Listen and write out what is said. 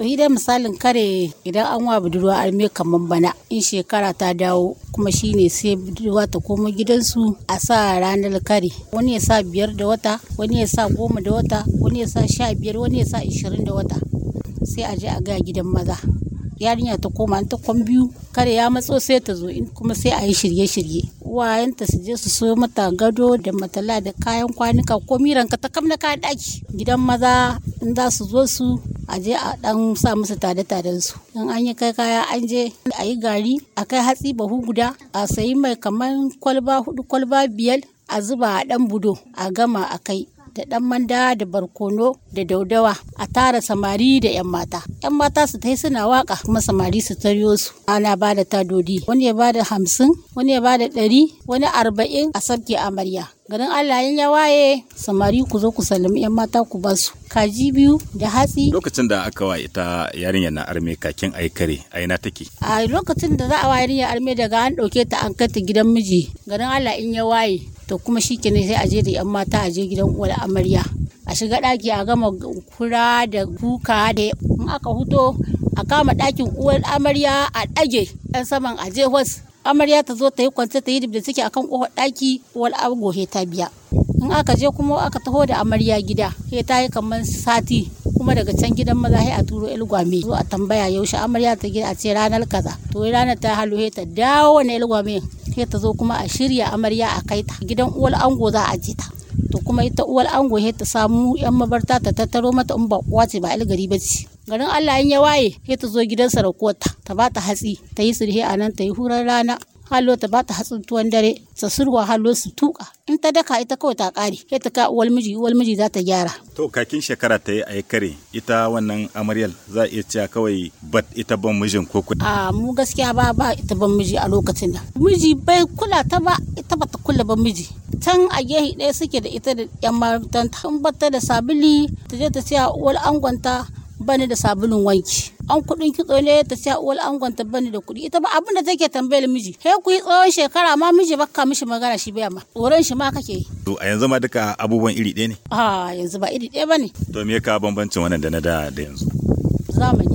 to shi dai misalin kare idan an wa budurwa arme kamar bana in shekara ta dawo kuma shine sai budurwa ta koma gidansu a sa ranar kare wani ya sa biyar da wata wani ya sa goma da wata wani ya sa sha biyar wani ya sa ishirin da wata sai a je a ga gidan maza yarinya ta koma an ta kwan biyu kare ya matso sai ta zo in kuma sai a yi shirye-shirye wayanta su je su so mata gado da matala da kayan kwanuka ko miranka ta kamna kayan daki gidan maza in za su zo su a je a dan sa musu tade-taden su in an yi kai kaya an je a yi gari a kai hatsi bahu guda a sayi mai kamar kwalba hudu kwalba biyar a zuba a dan budo a gama a kai da dan manda da barkono da daudawa a tara samari da yan mata yan mata su tai suna waka kuma samari su taryo su ana bada tadodi wani ya bada hamsin wani ya bada dari. wani arba'in a sarki amarya garin Allah in ya waye samari ku zo ku sallami yan mata ku basu kaji biyu da hatsi lokacin da aka waye ta yarinya na arme kakin ai kare ai na take a lokacin da za a waye yarinya arme daga an dauke ta an kai gidan miji garin Allah in ya waye to kuma shikenan sai a je da yan mata a je gidan uwar amarya a shiga daki a gama kura da kuka da in aka huto a kama dakin uwar amarya a dage yan saman a je hos. amarya ta zo ta yi kwance ta yi da suke akan kofar ɗaki wal ago he ta biya in aka je kuma aka taho da amarya gida he ta yi kamar sati kuma daga can gidan maza he a turo ilgwame zo a tambaya yaushe amarya ta gida a ce ranar kaza to ranar ta halu he ta dawo wani ilgwame he ta zo kuma a shirya amarya a kai ta gidan uwal ango za a je ta to kuma ita uwar ango ta samu yan mabarta ta tattaro mata in ba uwa ce ba algari ba ce garin Allah in ya waye he ta zo gidan sa sarakuwarta ta ba ta hatsi ta yi sulhi a nan ta yi hurar rana hallo ta ba ta hatsin tuwon dare sa surwa hallo su tuka in ta daka ita kawai ta kare he ta ka uwal miji uwar miji za ta gyara to kakin shekara ta yi aikare ita wannan amaryal za iya cewa kawai bat ita ban mijin ko kudi a mu gaskiya ba ba ita ban miji a lokacin da miji bai kula ta ba ita ba kula ba miji tan a gehe ɗaya suke da ita da yan matan tambata da sabili ta je ta siya uwar angonta bani da sabulun wanki an kuɗin kitso ne ta siya uwar angonta bani da kuɗi ita ba abin da take tambayar miji he ku yi tsawon shekara ma miji ka mishi magana shi bai ma wurin shi ma kake yi to a yanzu ma duka abubuwan iri ɗaya ne a yanzu ba iri ɗaya bane to me ka bambancin wannan da na da da yanzu zamani